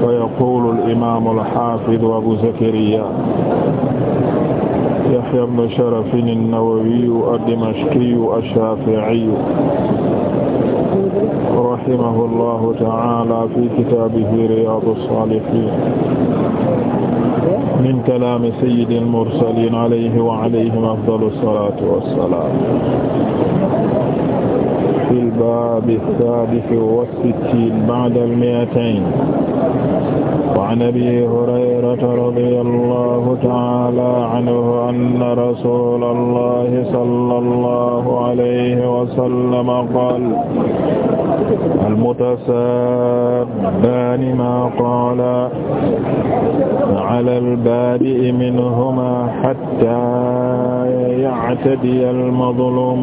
wa yaqulu al-imaamu al-haafidu Abu Zakariya Yahya ibn Sharaf an-Nawawiyyu ad-Dimashqiyyu ash-Shaafi'iyyu rahimahu Allahu ta'aala fi kitaabihi Riyaadu as-Saalihiin min kalaami sayyidil mursaliin alayhi wa alayhim afdalu salaatu wa salaam bi saadisi wa sittiin ba'da al-mi'atayn wa an abi hurayrata radiyallahu ta'ala anhu anna rasulallahi sallallahu alayhi wa sallam qaala al-mutasaabbaani maa qaala ala al-baadi'i minhumaa hattaa ya'tadiya al-mazluum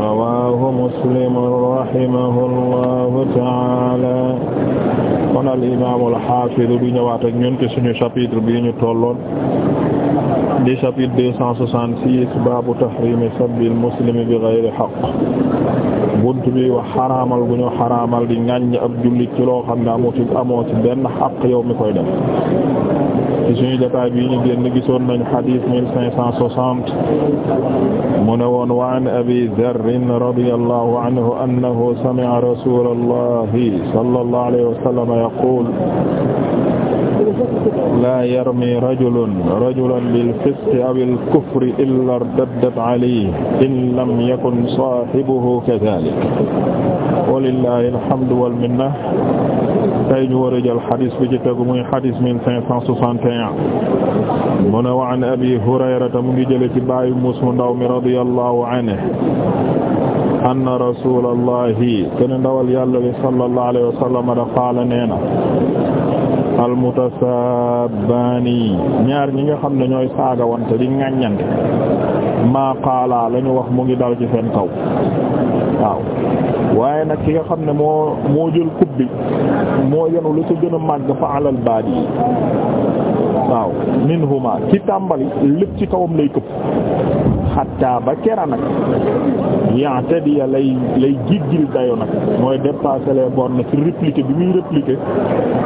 rawaahu muslim rahimahullahu ta'ala kon al imaam al haafid bi suñu chapitre bi ñu tolloon di chapitre deux cent soixante-six baabu tahriimi sabbil muslimi bi ghayri haqq bunt bi wax xaraamal bu ñu xaraamal di ŋàññ ab jullit ci loo xam ne amoo ci amoo ci benn xaq yow mi koy def ci suñu jotaay bi ñu génn gisoon nañ xadiis mille cinq cent soixante mu ne woon wa an abi darrin radiyallahu anhu annahu sami'a rasulallahi sallallahu alayhi wa sallam yaqul laa yarmi rajulun rajulan bil fisqi aw al kufri illaa irtaddat alayhi in lam yakun saahibuhu kadhaalik walillaahi alhamdu wal minna tey ñu war a jël xadis bi ci tegu muy xadis mille cinq cent soixante et un mu ne wa an abi hurayrata mu ngi jële ci baayu muus mu ndaw mi radiyallahu anhu anna rasulallahi ken ndawal yàlla li sallallahu alayhi wa sallam da qaala nee na almutasa daabbaani ñaar ñi nga xam ne ñooy saaga wante di ŋàññante maa qaala la wax mu ngi dal ci seen kaw waaw waaye nag ki nga xam ne moo moo jël kub bi moo yenu lu ci gën a màgg fa alal baadi yi waaw minhuma ki tàmbali lépp ci kawam lay këpp xatta ba kera nag ya'tadiya lay lay jéggil dayo nag mooy dépasser les bornes ci répliquer bi muy répliquer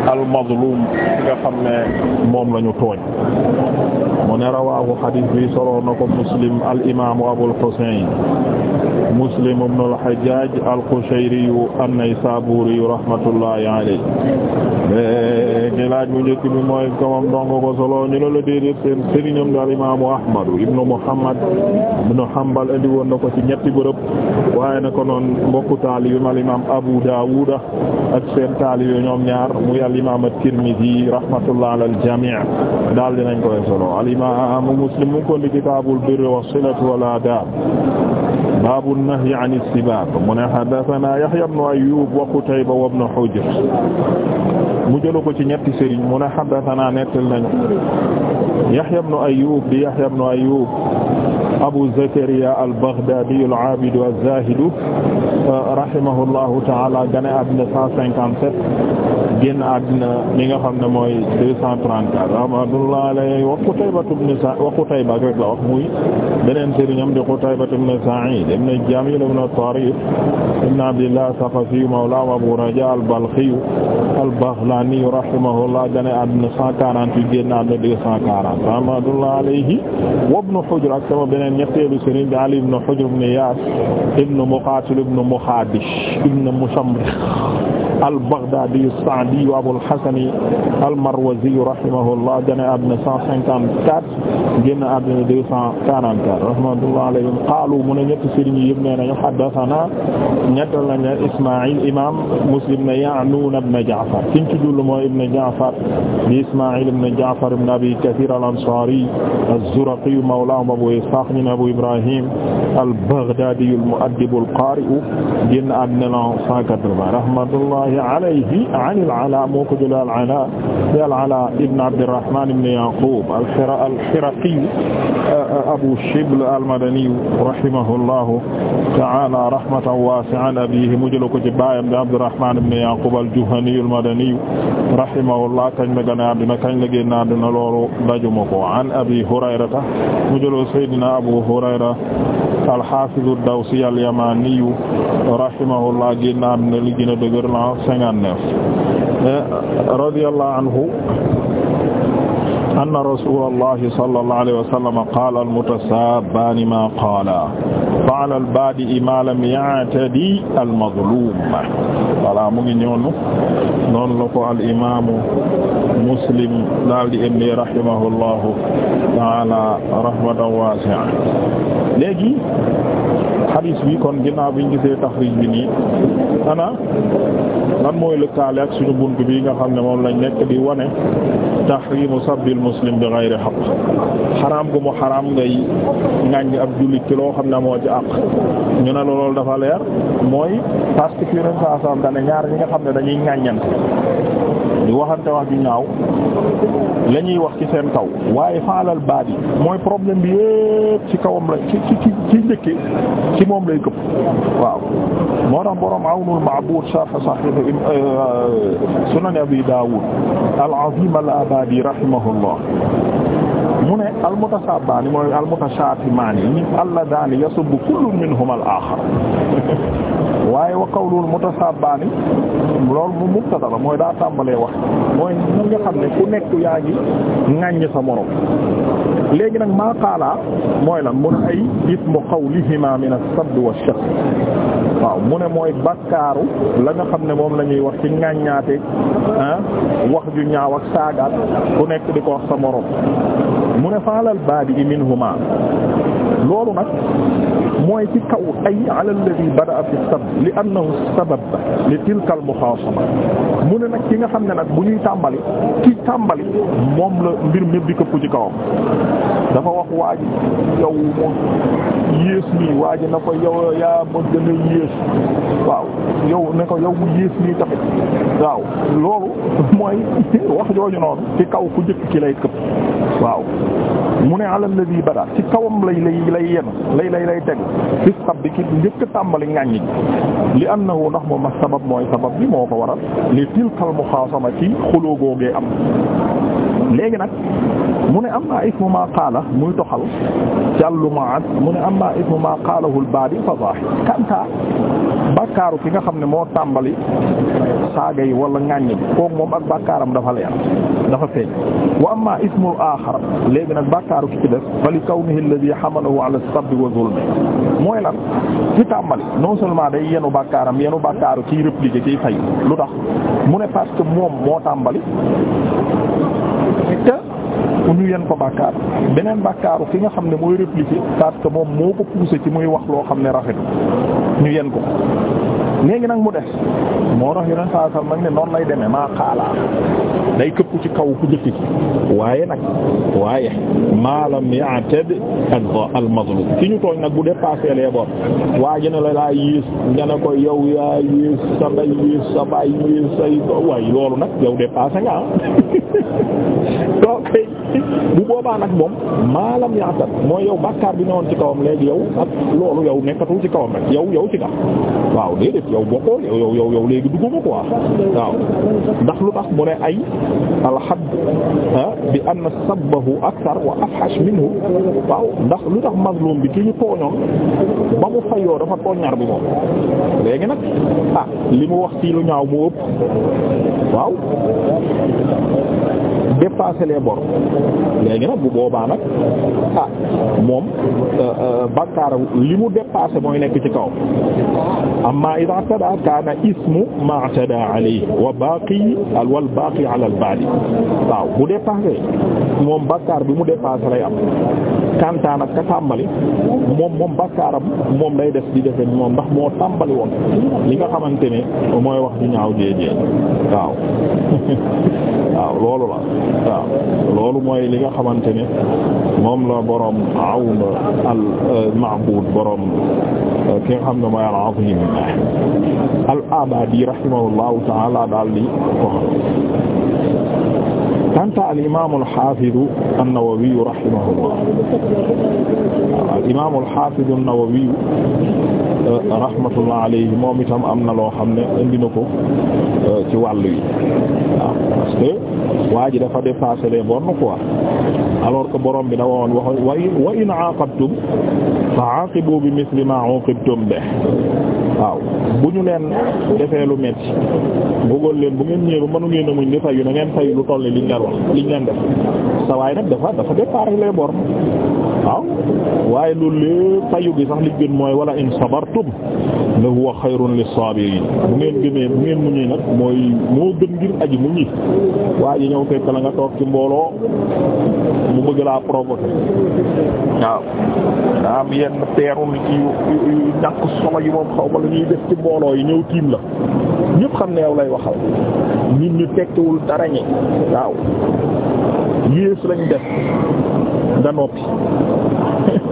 al nga xam ne moom la tooñ mu ne rawaahu xadiis bi soloo na ko muslim al imaamu abul husayn muslim ibn al hajjaj al qushayri an léegi laaj mu njëkk ko solo ñu ne la déedéet seen sëriñam daal imaamu Ahmadu ibnu Muhammad ibnu Hanbal indi ko ci ñetti bërëb waaye na ko noon mbokku taalibi al imaam Abu Daawuda ak seen taalibi ñoom ñaar muy al imaam at-Tirmidhi rahmatullah ala al-jamii daal dinañ koy solo al imaamu Muslim mu ngi ko li kitaabul birri was wal aadaab baabu nahyi an istibaab mu ne haddasanaa Yahyaa ibnu Ayyuub wa Qutayba wa ibnu Hujr mu jëlu ko ci ñetti sëriñ mu ne haddasanaa nettal nañu Yahyaa ibnu Ayyuub di Yahyaa ibnu Ayyuub Abu Zakariyaa al-Baghdaadiyu al-aabidu az-zaahidu rahimahullahu ta'aalaa gane àddina 157 génn àddina li nga xam ne mooy deux cent trente-quatre rahmatullah alayhi wa Qutayba ibn Sa'id wa Qutayba rek la wax muy beneen sëriñam di Qutayba ibn Sa'id ibn Jamil ibn Tarif ibn Abdillah Saqafi mawla Abu Raja al-Balkhi al-Baghlani rahimahullah génn àddina cent quarante-huit génn àddina deux cent quarante rahmatullah alayhi wa ibn Hujr ak sama beneen ñetteelu sëriñ di Ali ibn Hujr ibn Iyas ibn Muqatil ibn Mukhadish ibn Mushamrikh al-Baghdadi Aliyu Abul Hasani al-Marwazi rahimahullah génn àddina 154 génn àddina 244 rahmatullahi alayhim qaalu mu ne ñetti sëriñ yi yëpp nee nañu haddathana ñettal nañu Ismaa'il imaam Muslim ne ya'nuun ibn Ja'far ci ci jullu mooy ibn Ja'far di Ismaa'il ibn Ja'far ibn Abi Kathir al-Ansari az-Zuraqi mawlaahum Abu Ishaaq ibn Abu Ibrahim al-Baghdadi al-mu'addib al-qaari' génn àddina 180 rahmatullahi alayhi al-Alaa moo ko jëlee al-Alaa di al-Alaa ibn Abdirrahmaan ibn Yaquub al-Hiraqi Abu Shibl al-Madani rahimahullahu ta'aalaa rahmatan waasi'atan an abiihi mu jëlee ko ci baayam di Abdirrahmaan ibn Yaquub al-Juhani al-Madani rahimahullah kañ la gën a addina kañ la génn addina loolu dajuma ko an Abii Hurayrata mu jëlee Seydina Abu Hurayra alxafidu dawsi alyamaniyu rahimahullah génnaat na li gën a dëgër la cinquante-neuf eh, radiyallahu anhu anna rasulallahi sallallahu alayhi wa sallam qaala almutasaabaani maa qaala fa ala albaadi'i maa lam ya'tadi almazluum voilà mu ngi ñoonu noonu la ko al imaamu Muslim daal di indi rahimahullahu taala rahmatan wasi'a léegi xadis bi kon ginnaaw biñ gisee taxrij bi nii ana lan mooy lëkkaale ak suñu bunt bi nga xam ne moom lañ nekk di wane tahrimu sabbil muslim bi ghayri haqq xaraam gu mu xaram ngay ŋàññ ab jullit ci loo xam ne moo ci àq ñu ne loolu dafa leer mooy parce que yeneen saa saam ñaar ñi nga xam ne dañuy ŋàññante di waxante wax ju ñaaw la ñuy wax ci seen kaw waaye faalal baat yi mooy problème bi yëpp ci kawam la ci ci ci njëkke ci moom lay këpp waaw moo tax borom awnul ma'bud sharh sahih euh, sunan abi daawud al-azim al-abadi rahimahullah mu ne almutasabani mooy almutashatimani ñi alladani yasubbu kullun minhum al-akhar waaye wa qawlul mutasabani loolu mu mubtada la mooy daa tàmbalee wax mooy mu nga xam ne ku nekk yaa ngi ŋàññ sa moroom léegi nag maa mooy lan mu ne ay ismu qawlihima min as-sabb wa ash waaw mu ne mooy bakkaaru la nga xam ne moom la ñuy wax ci ŋàññaate ah wax ju ñaaw ak saagaat ku nekk di ko wax sa moroom mu ne faalal baadi minhuma loolu nag mooy ci kaw ay ala alladhi bada'a fi sabb li annahu sabab li tilka al mu ne nag ki nga xam ne nag bu ñuy tàmbali ki tàmbali moom la mbir mépp di këpp ci kawam dafa wax waa ji moom yées nii waa na ko yaw yaa ma gën a yées waaw yow ne ko yow mu yées nii tamit waaw loolu mooy wax jooju noonu ci kaw ku jëkk ki lay këpp waaw mu ne alal la di bada ci kawam lay lay lay yenu lay lay lay teg fi sab bi ki njëkk tàmbali ŋàññi li annahu ndax moom a sabab mooy sabab bi moo ko waral li tilkal muxaasama ci xuloo googee am léegi nag mu ne amma ismu ma qaala muy toxal jàllu ma mu ne amma ismu ma qaalahu al fa zaahir kanta bàkkaaru ki nga xam ne moo tàmbali saaga yi wala ŋàññ bi kooku moom ak bàkkaaram dafa leer dafa feeñ wa amma ismul aaxar léegi nag bàkkaaru ki ci des fa li kawnihi alladhi hamalahu ala as-sabbi wa zulmi mooy lan ci tàmbali non seulement day yenu bàkkaaram yenu bàkkaaru ciy répliquer ciy fay lu tax mu ne parce que moo tàmbali te ñu yen ko bàkkaar beneen bàkkaaru ki nga xam ne mooy répliquer parce que moom moo ko poussé ci muy wax loo xam ne rafetu ñu yen ko léegi nag mu des moo tax yeneen saa sax nag ne noonu lay demee maa xaalaa day këpp ci kaw ku jëkk ci waaye nag waaye maalam ya'tad al mazlum ki ñu tooñ nag bu dépassé les bornes waa ji ne la laa yées nga ko yow yaa yées sa ndey yées sa baay yées say waay loolu nag yow dépassé nga ah. bu boobaa nag moom maalam yaatat mooy yow bàkkaar bi newoon ci kawam léegi yow ak loolu yow nekkatul ci kawam rek yow yow ci nga waaw déedéet yow bokkoo yow yow léegi dugguma quoi waaw lu tax mu ay alxad bi anna sabbahu akthar wa afhash minhu waaw ndax lu tax mazlum bi ki ñu tooñoon ba mu fayoo dafa tooñ ñaar bi moom léegi nag ah li mu wax ci ñaaw mu ëpp waaw dépasser les bornes léegi nag bu boobaa nag ah moom euh, euh, bakkaar li mu dépassé mooy nekk ci kaw amma idha tada kana ismu ma tada alayhi wa baqi wal baqi ala al badi waaw bu dépassé moom bakkaar bi mu dépassé lay am kantaan ak ka tàmbali moom moom bakkaaram moom day def di defe moom ndax moo tàmbali woon li nga xamante ne mooy wax ju ñaaw jéejee waaw waaw loolu la waaw loolu mooy li nga xamante ne moom la boroom awn al euh, ma'bud boroom euh, ki xam ne mooy al azim al abadi daal di ko kanta al imaam al xaafiz an-Nawawi rahimahullah al imaam al xaafiz an-Nawawi rahmatullah alayhi moom itam am na loo xam ne indi na ko ci wàllu yi waaw ah, parce que waa ji dafa dépasser les bornes quoi alors que borom bi da woon wax wa in wa in aaqabtum aaqibu bi misli ma uqibtum be waaw bu ñu leen defee lu metti bëggoon leen bu ngeen ñëwee ba mënu ngeen a muñ di fayu na ngeen fayu lu toll liñ leen wax liñ leen def sa waay nag dafa dafa départ les bornes waaw waaye loolu lépp fayu gi sax li gën mooy wala in sabartum la huwa xayrun lis bi bu ngeen gëmee bu ngeen muñee nag mooy moo gën ngir aji muñi waa ji ñëw fekk la nga toog ci mbooloo mu bëgg la provoquer waaw am yenn peerul ci ñàkk solo yi moom xaw ma lu ñuy def ci mbooloo yi ñëw tiim la ñépp xam ne yow lay waxal nit ñu tekkiwul dara ñi waaw yées lañ def nga noppi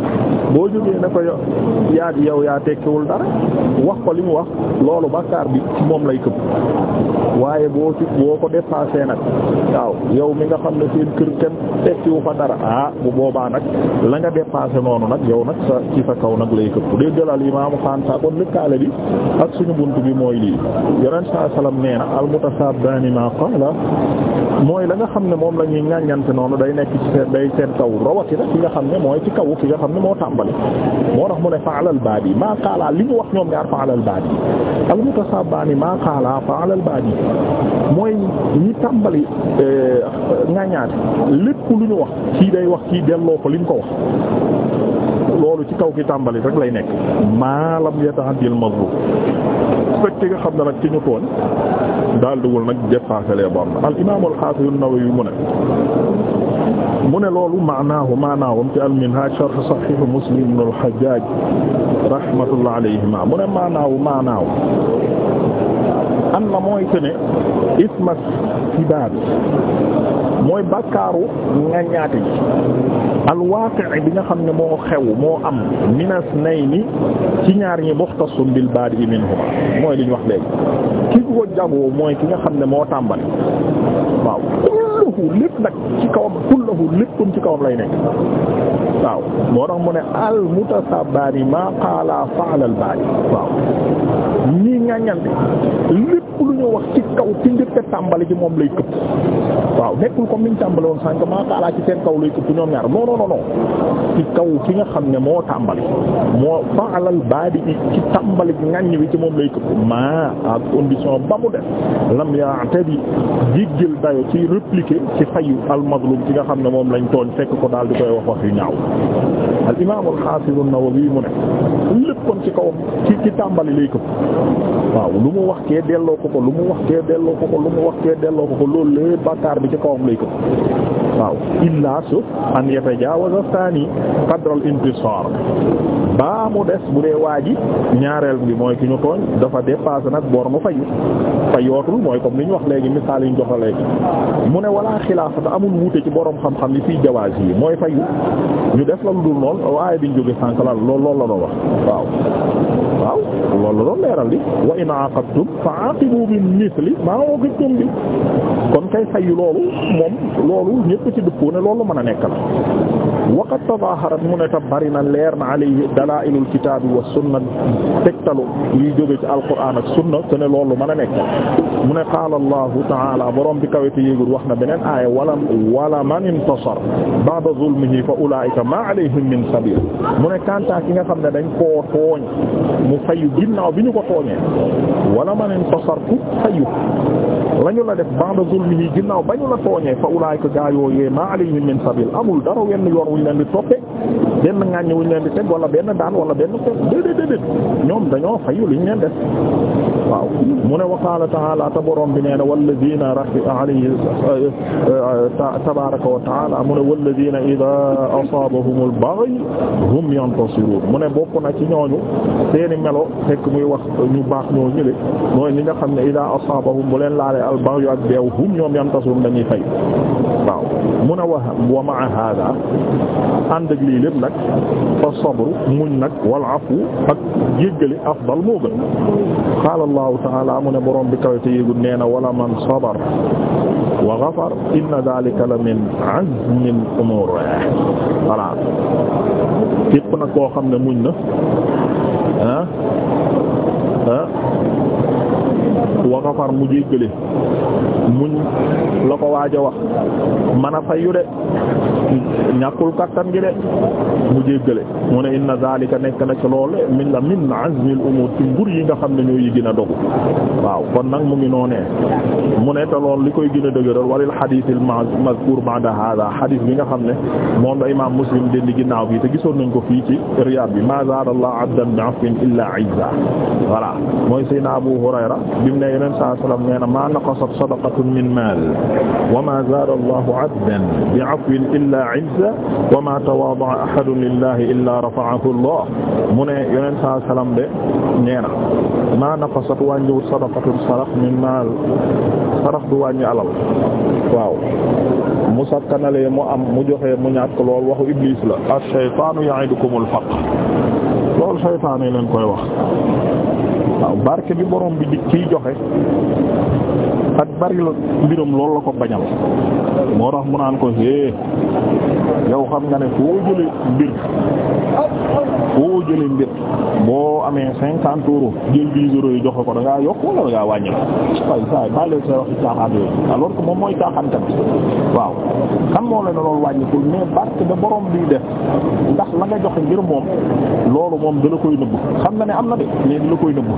boo jógee na ko yaa di yow yaa tekkiwul dara wax ko li mu wax loolu bàkkaar bi moom lay këpp waaye boo ci boo ko dépassé nag waaw yow mi nga xam ne seen kër kenn tekkiwu fa dara ah bu boobaa nag la nga dépassé noonu nag yow nag sa ci sa kaw nag lay këpp déggal al imaamu xaanta kon lëkkaale bi ak suñu bunt bi mooy lii yonent saa salaam nee na al mutasaabani ma mooy la nga xam ne moom la ñuy ñàññante noonu day nekk ci seen day seen kaw rawatina ki nga xam ne mooy ci ki xam ne moo tàmbali moo tax mu ne fa'alal baadi maa qaala li ñu wax ñoom ñaar fa'alal baadi al mutasabbaani maa qaala fa'alal baadi mooy ñi tàmbali ngañaate euh, lépp lu ñu wax kii day wax kii delloo ko li ñu ko wax loolu ci kaw ki tàmbali rek lay nekk maa lam yata'addil mazlum fekk nga xam ne nag ci ñu tooñ daal duwul nag dépassé les bornes al imaam al-Haafiz an mu ne mu ne loolu maanaahu maanaahum ci al-Minhaj sharh Sahih Muslim ibn al-Hajjaj rahmatullah alayhima mu ne maanaahu maanaahu am na mooy que ne ismas sibaab mooy bakkaaru ngañaate ji alwaaqi bi nga xam ne moo xew moo am minas nay ci ñaar ñi muxtasun bil baadi minhuma mooy li ñu wax léegi ki ko jagoo mooy ki nga xam ne moo tàmbali kulluhu lépp nag ci kawam kulluhu léppam ci kawam lay nekk waaw moo tax mu ne al mutasabbani ma qaala fa'ala al baari waaw ñii ngañante lépp lu ñu wax ci kaw ci njëkk a tàmbali ci moom lay këpp waaw nekkul comme niñ tàmbali woon sànq maa qaala ci seen kaw lay këpp ñoom ñaar non non ci kaw fi nga xam ne moo tàmbali moo faalal baadi ci tàmbali ngañ bi ci moom lay këpp maa ak condition ba mu def lam di jël dayo ci répliquer ci fayu al-mazlum ci nga xam ne moom lañ tooñ fekk ko daal di koy wax wax yu ñaaw al imaam al xaafis an-Nawawi mu ne lépp kon ci kawam ci ci tàmbali lay këpp waaw lu mu wax kee delloo ko ko lu mu wax kee delloo ko ko lu mu wax delloo ko ko loolu lee bàkkaar bi ci kawam lay këpp waaw illaa su an yatajaawaza saani qadral intisar baa mu des bu dee waa ji ñaareel bi mooy ki ñu tooñ dafa dépassé nag bor mu fayu fayootul mooy comme li ñu wax léegi misaal yi ñu joxe léegi mu ne wala xilaafata amul wuute ci boroom xam-xam yi fii jawaaz yi mooy fayu ñu def la lu dul noonu waaye biñ jóge sànq la lool loolu la doon wax waaw waaw loolu la doon leeral li wa in fa aqibu bi misli maa uqibtum bi kon kay fayu loolu moom loolu ñépp ci dëppoo ne loolu mën a nekk la waqad tadaaharat mu ne ta bari na leer na alayhi dalaa'ilul kitaabi wa sunna tegtalu yuy jóge ci alquraan ak sunna te ne loolu mën a nekk mu ne qaala allahu taala borom bi kawete yéegul wax na beneen aaya wala wala man intasar ba'da zulmihi fa ulaa'ika maa alayhim min sabiil mu ne kantaa ki nga xam ne dañ koo tooñ mu fayu ginnaaw bi ñu ko tooñee wala man intasar ku fayu lañu la def ba'da zulmihi ginnaaw bañu la tooñee fa ulaa'ika gaa yooyee maa alayhim min sabil amul dara wenn yoon wuñ leen di toppe benn ŋàññi wuñ leen di teg wala benn daan wala benn kooku déedéet déedéet ñoom dañoo fayu liñ leen def waaw mu ne wa qaala ta'aala ta borom bi nee na walladina rafi alayhi tabaaraka wa ta'aala mu ne walladina idaa asaabahumul baghy hum yantasiruun mu ne bokk na ci ñooñu seeni melo fekk muy wax ñu baax ñoo ñële mooy ñi nga xam ne idaa asaabahum bu leen laalee al baghy ak beew hum ñoom yantasiruun dañuy fay waaw mu ne wa wa ma'a haadaa ànd ak lii lépp nag fa sabru muñ nag wal afu ak jéggale afdal moo gën qaala allahu taala mu ne borom bi kawite yéegul nee na wala man sabar wa ghafar inna dhalika la min azmi al-umur voilà képp nag koo xam ne muñ na ah ah wa ghafar mu jéggale mu la ko waaja wax man a fayyu de ñàkkul kattan gi de mu jéggale mu ne inna zalika nekk na ci loole min la min azmil umur ci yi nga xam ne ñoo yi gën dogu waaw kon nag mu ngi noonee mu ne te lool li koy gën a dëgëral walil hadithil mazkur ba'da hada hadith bi nga xam ne moom la imam muslim dendi ginnaaw bi te gisoon nañ ko fii ci riyad bi ma zaada allah abdan bi'afwin illa izza voilà mooy sayna abu hurayra bi mu ne yeneen saa salaam nee na maa naqasat sadaqatun min maal wa maa zaada allahu abdan bi afwin illaa izza wa maa tawaada'a ahadun lillahi illaa rafa'ahu allah mu ne yeneen saa salaam de nee na maa naqasat wàññiwut sadaqatun sarax min maal sarax du wàññi alal waaw mu sakkanalee mu am mu joxe mu ñàkk lool waxu iblis la ash-shaytaanu ya'idukumul faqr loolu shaytaan yi leen koy wax waaw barke bi borom bi di ciy joxe ak bari la mbiram loolu la ko bañal moo tax mu naan ko hee yow xam nga ne foo jële mbir foo jële mbir boo amee cinquante euros jël dix yi joxe ko da ngaa yokk wala da ngaa wàññi waaye saa yi waxi caaxaan yooyu alors que moom mooy caaxaan tamit waaw xam moo leen loolu wàññikul mais barke da borom bi def ndax la nga joxe ngir moom loolu moom da koy nëbb xam na ne am na de mais la koy nëbb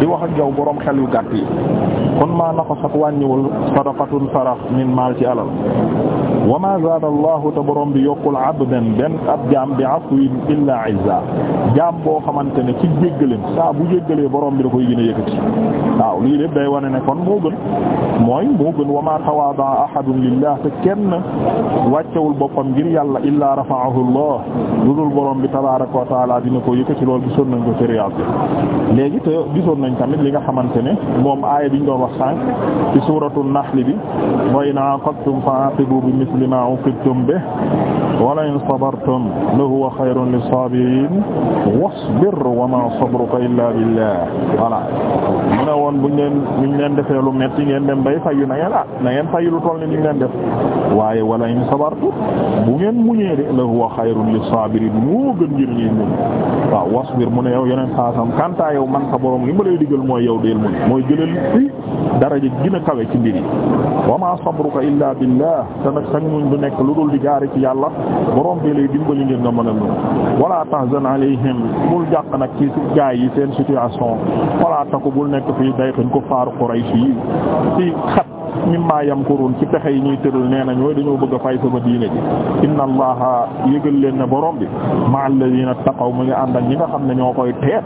di wax ak yow borom xel yu gàtt yi kon maa na sax wàññiwul sadaqatun sarax min maal ci alal wa ma zaada allahu te borom bi yokkul abdan benn ab jaam bi afwin illaa izza jaam boo xamante ne ci jéggaleen saa bu jéggalee borom bi da koy gën a yëkkati waaw lii lépp day wane ne kon moo gën mooy moo gën wa ma tawaada ahadun lillah te kenn wàccewul boppam ngir yàlla illaa rafa'ahu allah lu dul borom bi tabaaraka wa taala dina ko yëkkati loolu gisoon nañ ko ci Riyaad bi léegi te gisoon nañ tamit li nga xamante ne moom aaya biñ doon wax sànq ci suuratu nahl bi mooy na qadtum fa'aqibu misli ma uqidtum bihi wa la in sabartum la huwa xayrun lis-saabiriin wasbir wa ma sabruka illaa billah voilà mu ne woon buñ leen buñ leen defee lu metti ngeen dem bay fayu na ngeen ah na ngeen fayu lu toll ni ñu leen def waaye wala in sabartum bu ngeen muñee de la huwa xayrun lis-saabiriin moo gën ngir ñuy muñ waaw wasbir mu ne yow yeneen saasam kanta yow man sa borom li ma lay digal mooy yow deel muñ mooy jëlal fi daraja gën a kawe ci mbir yi wa ma sabruka illaa billah ak muñ nekk lu dul di jaare ci yàlla borom bi lay dimbali ngir nga mën a muñ wala tahzan alayhim bul jàq nag ci gaay yi seen situation wala taku bul nekk fii dayxin ko faaru Quraysh yi mimma yamkurun ci pexe yi nee na dañoo bëgg a fay sama diine ji inna allaha yëgal leen ne borom bi ma alladina taqaw mu ànd ak ñi nga xam ne ñoo koy teet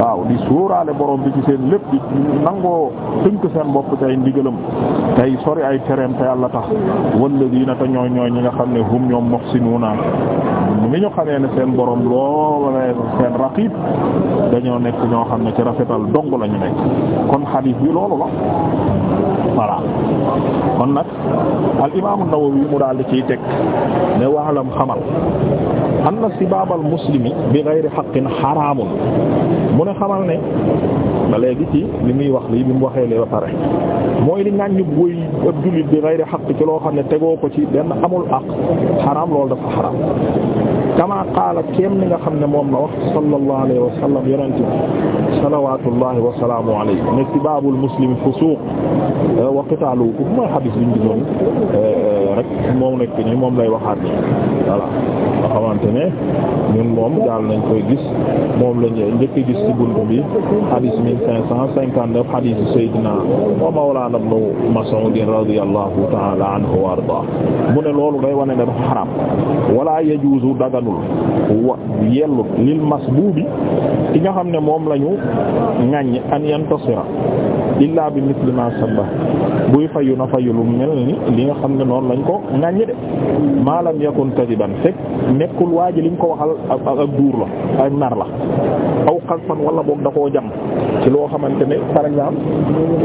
waaw di sóoraale borom bi ci seen lépp di nangoo tënk seen bopp tay ndigalam tay sori ay tereem te yàlla tax walladina te ñooy ñooy ñi nga xam ne hum ñoom muhsinuna ni ñu xamee ne seen borom loola seen dañoo nekk ñoo xam ne ci rafetal dong lañu ñu nekk kon hadith bi loolu la kon nag al imaamu Nawawi mu daal di ciy teg ne waalam xamal anna sibaabal muslimi bi ghayri haqqin xaraamun mu ne xamal ne ba léegi ci li muy wax lii bi mu waxee lee ba pare mooy di ŋàññu buy ab jullit bi ghayri haqq ci loo xam ne tegoo ko ci benn amul aq xaraam loolu dafa xaraam kama qaala kéem ni nga xam ne moom la wax sallallahu alayhi wa sallam yonente bi salawatullahi wa salaamu alayhi ne sibaabul muslimi fusuuq wa qitaaluhu kooku mooy xadis bi ñu gisoon eh, eh, rek moom nekk nii moom lay waxaat nii voilà ne ñun moom daal nañ koy gis moom lañ njëkk gis ci buntu bi hadith mille cinq cent cinquante-neuf hadith Seydina wa mawlana anhu wa arda mu ne loolu day wane ne dafa xaram wala yajuzu daganul wa yellut lil masbubi ki nga xam ne moom lañu ŋaññ an yantasira illaa bi misli ma buy fayu na fayu lu mel ni li nga xam ne noonu lañ ko ŋàññi de maalam yakun kadiban fekk nekkul waa ji liñ ko waxal ak duur la ak nar la aw xalfan wala boog da koo jam ci loo xamante ne par exemple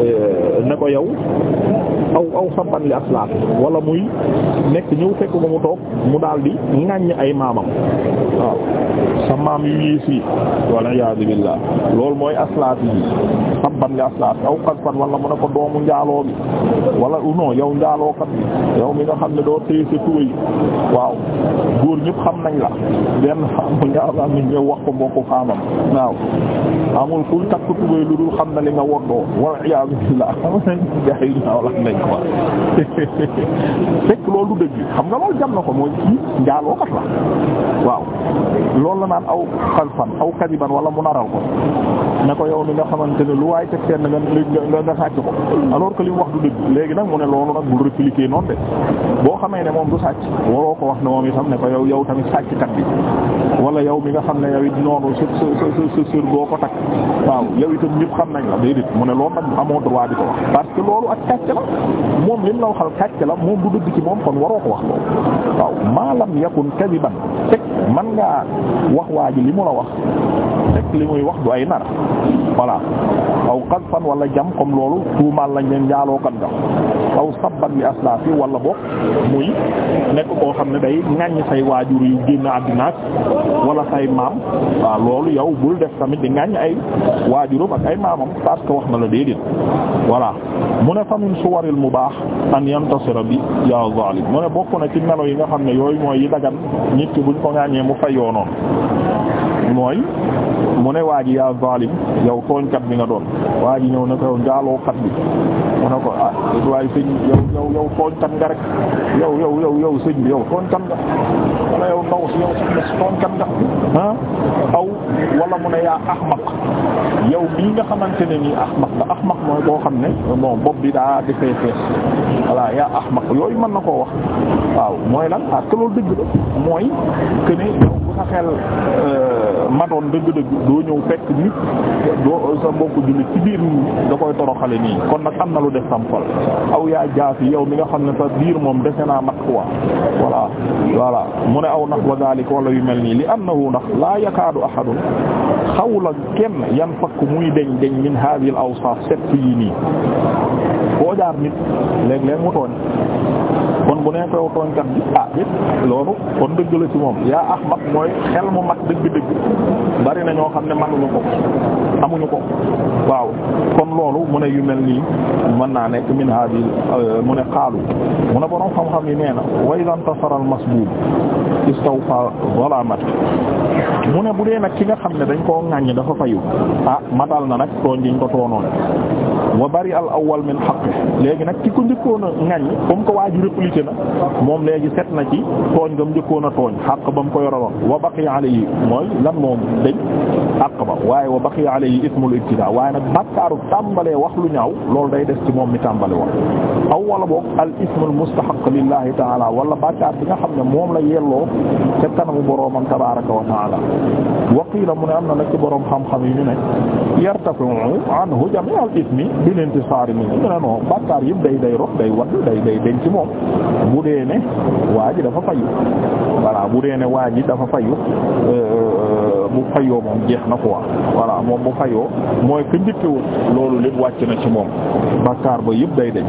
euh, ne ko yow aw aw sabban li aslaaf wala muy nekk ñëw fekk ko mu toog mu daal di ŋàññ ay maamam waaw sa maam yu yiis yi walla iyaadu billaah loolu mooy aslaaf yi ban li aslaat aw xasfan wala mu ne ko doomu njaaloo bi wala non yow njaalookat bi yow mi nga xam ne doo téye sa tuba yi waaw góor ñëpp xam nañ la benn faamu am ni wax ko mbokku faamam waaw amul ku xam na li nga woddoo wal iyaazu billaah gaa yi naaw la nañ ko fekk loolu xam nga loolu jam na ko mooy ci njaalookat la waaw loolu la naan aw xalfan aw kadiban wala mu naral ko ne ko yow mi nga xamante ne lu waay teg seen nga nga sàcc ko alors que li wax du dëgg léegi nag mu ne loolu nag bul répliquer noonu de boo xamee ne moom du sàcc waroo ko wax ne moom itam ne ko yow yow tamit sàcckat bi wala yow mi nga xam ne yow it noonu sa sa sër boo ko takk waaw yow itam ñëpp xam nañ la déedéet mu ne loolu nag amoo droit di ko wax parce que loolu ak kàcc la moom lim la waxal kàcc la moom du dëgg ci moom kon waroo ko wax loolu waaw maalam yakun kadiban teg man ngaa wax waa li mu la wax li muy wax du ay voilà aw qadfan wala jam comme loolu tuumaal lañ leen njaalookat ga aw sabban li aslaafi wala boog muy nekk koo xam ne day ŋaññ say waajur yu génn àddinaak wala say maam waaw loolu yow bul def tamit di ŋaññ ay waajuram ak ay maamam parce que wax na la déedéet voilà mu ne famin suwaril mubah an yantasira bi ya zalim mu ne bokk na ci melo yi nga xam ne yooyu mooy yi dagan nit ki buñ ko ŋaññee mu fay mooy mu ne waa ji yaa zalim yow tooñkat bi nga doon waa ji ñëw ne ko yow njaalookat bi mu ne ko ah waaye sëñ yow yow yow tooñkat nga rek yow yow yow sëñ bi yow tooñkat nga wala yow ndaw si yow sëñ si tooñkat nga ah aw wala mu ne yaa ahmaq yow bii nga xamante ne nii ahmaq nga ahmaq mooy boo xam ne bon bopp bi daa defee fees voilà yaa ahmaq yooyu mën na koo wax waaw mooy lan parce que loolu dëgg la mooy que yow bu sa xel euh, matoon dëgg-dëgg doo ñëw fekk nit doo sa mbokk jullit ci biir da koy toroxale nii kon nag am na lu def sam xol aw yaa jaafi yow mi nga xam ne sa biir moom dese naa mat quoi voilà voilà mu ne aw nax wa dalik wala yu mel nii li annahu ndax la yakaadu ahadun xawla kenn yan fakk muy deñ deñ min hadhihi al awsaf sett yi nii koo jaar nit léeg-léeg mu tooñ kon bu nekk yow tooñkat bi ah it loolu kon dëgg la ci moom yaa ahmaq mooy xel mu mag dëgg-dëgg bari na ñoo xam ne manuñu ko amuñu ko waaw kon loolu mu ne yu mel nii mën naa nekk min hadhihi euh, mu ne xaalu mu ne borom xam-xam yi nee na wa idha intasara al istawfa zalamat mu ne bu dee nag ki nga xam ne dañ koo ŋàññ dafa fayu ah matal na nag tooñ diñ ko toonoon wa bari al awwal min haqqi léegi nag ki ko njëkkoon a ŋaññi comme que waa ji répliqué na moom léegi set na ci tooñ nga mu njëkkoon a tooñ xaq ba mu ko yoraloon wa baqiya alayhi mooy lan moom dañ àq ba waaye wa baqiya alayhi ismul ibtidaa waaye nag bàkkaaru tàmbalee wax lu ñaaw loolu day des ci moom mi tàmbali wax aw wala boog al ismul mustahaq lillahi taala wala bàkkaar bi nga xam ne moom la yelloo ca kanamu boroomam tabaraka wa taala waqiila mu ne am na nag ci boroom xam-xam yi ñu ne yartafi'u anhu jami'ul ismi li binenti saari mi ñu ne non bàkkaar yëpp day day rot day wadd day day ci moom bu dee ne waa ji dafa fayu voilà bu dee ne waa ji dafa fayu euh, euh, bu fayoo moom jeex na quoi voilà moom bu fayoo mooy que njëkkewul loolu lépp wàcc na ci moom bàkkaar ba yëpp day deñ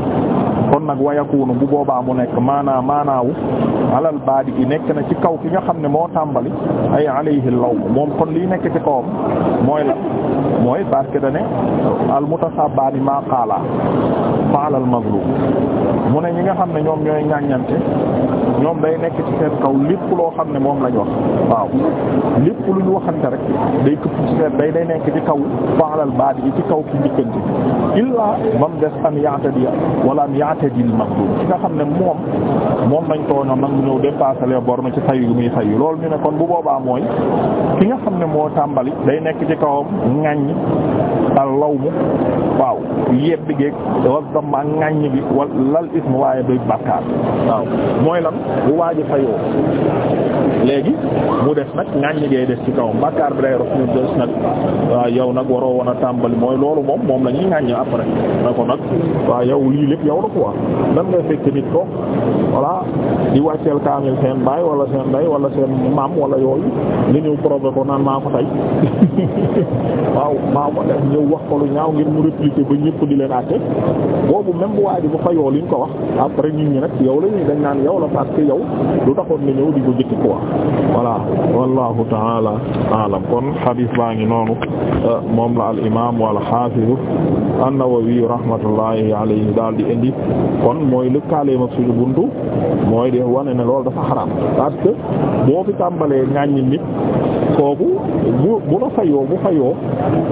kon nag wayakunu bu boobaa mu nekk maanaa maanaawu alal baadi i nekk na ci kaw ki nga xam ne moo tàmbali ay alayhi law moom kon lii nekk ci kawam mooy la mooy parce que dane al mutasabaani maa qaala fa'ala al mazlum mu ne ñi nga xam ne ñoom ñooy ñàññante ñoom day nekk ci seen kaw lépp loo xam ne moom lañ wax waaw lépp lu ñu waxante rek day këpp ci seen day day nekk ci kaw faalal baadi yi ci kaw ki njëkkanti illaa ba mu des an yaatadi wala an yaatadi al maqdum ki nga xam ne moom moom lañ tooñoon nag ñëw de dépassé les bornes ci fayu yu muy fayu loolu ñu ne kon bu boobaa mooy ki nga xam ne moo tàmbali day nekk ci kawam ŋaññ al lawmu waaw yebbi geeg was damma ŋaññ bi wal lal ism waaye day bàkkaar bu waaj a fayoo léegi mu des nag ñaññi ngay des ci kaw bàkkaar bi day rof ñu des nag waaw yow nag waroo woon a tàmbali mooy loolu moom moom la ñuy ñaññ après na ko nag waaw yow lii lépp yow la quoi lan ko di wàcceel kaamil seen baay wala seen ndey wala seen maam wala yooyu nga ñëw probé ko naan maa ko waaw maa ko ñëw wax ko lu ñaaw ngir mu répliquer ba ñëpp di leen àtte boobu même bu waaj bu fayoo liñ ko wax après nit ñi nag yow la dañ naan yow la parce que yow lu taxoon nga ñëw di ko jëkk quoi voilà wallahu taala alam kon hadith baa ngi noonu euh, moom la al imam wal hafiz an-Nawawi rahmatullahi alayhi daal di indi kon mooy lëkkaaleem ak suñu buntu mooy de wane ne loolu dafa xaraam parce que boo fi tàmbalee ñaañ nit kooku bu bu la fayoo bu fayoo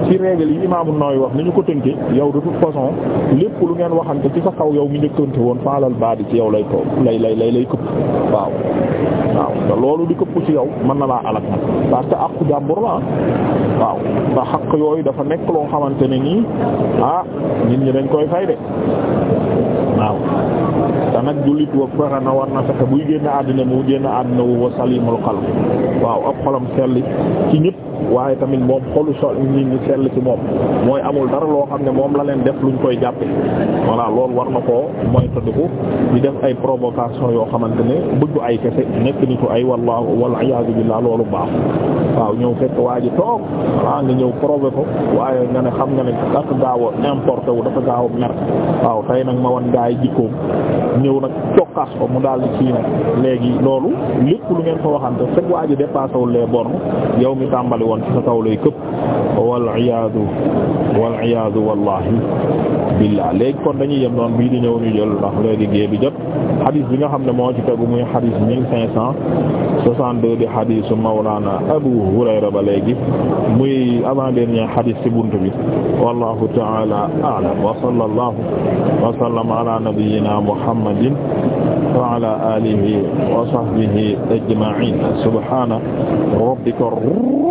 ci règle yi imaamu nooy wax ni ñu ko tënke yow de toute façon lépp lu ngeen waxante ci sa kaw yow mi njëkkante woon faalal baadi ci yow lay toog lay lay lay lay këpp waaw waaw te loolu di këpp ci yow mën na laa alak nag parce que àqu jàmbur la waaw te xaq yooyu dafa nekk loo xamante ne nii ah nit ñi dañ koy fay de naaw te nag jullit wa fexe na war na fexe buy génn àddina mu génn àddina wu wa salimul qalb waaw ab xolam sell ci ñëpp waaye tamit moom xolu sol nit ñi sell ci moom mooy amul dara loo xam ne moom la leen def luñ koy jàppe voilà lool war na koo moytandiku di def ay provocation yoo xamante ne bëgg ay kese nekk ko ay wallahu wal iyaazu billah loolu baax waaw ñëw fekk waa ji toog walla nga ñëw provoqué ko waaye nga ne xam nga ne dak gaaw a wu dafa gaaw a ay jikkoom ñëw nag cokkaas ko mu daal di kii léegi loolu lépp lu ngeen ko waxante fekk waa ji dépassé wul borm bornes yow mi tàmbali woon ci sa kaw lay këpp wal iyaadu wal iyaadu wallahi billah léegi kon dañuy yem noon bii di ñëw ñu jël ndax léegi gée bi jot xadis bi nga xam ne moo ci tegu muy xadis mille cinq cent soixante-deux di xadisu mawlaana abu hurayra ba léegi muy avant dernier xadis ci bunt bi wallahu ta'ala a'lam wa sallallahu wa sallama ala nabiyyina muhammadin wa ala alihi wa sahbihi ajma'in subhana rabbika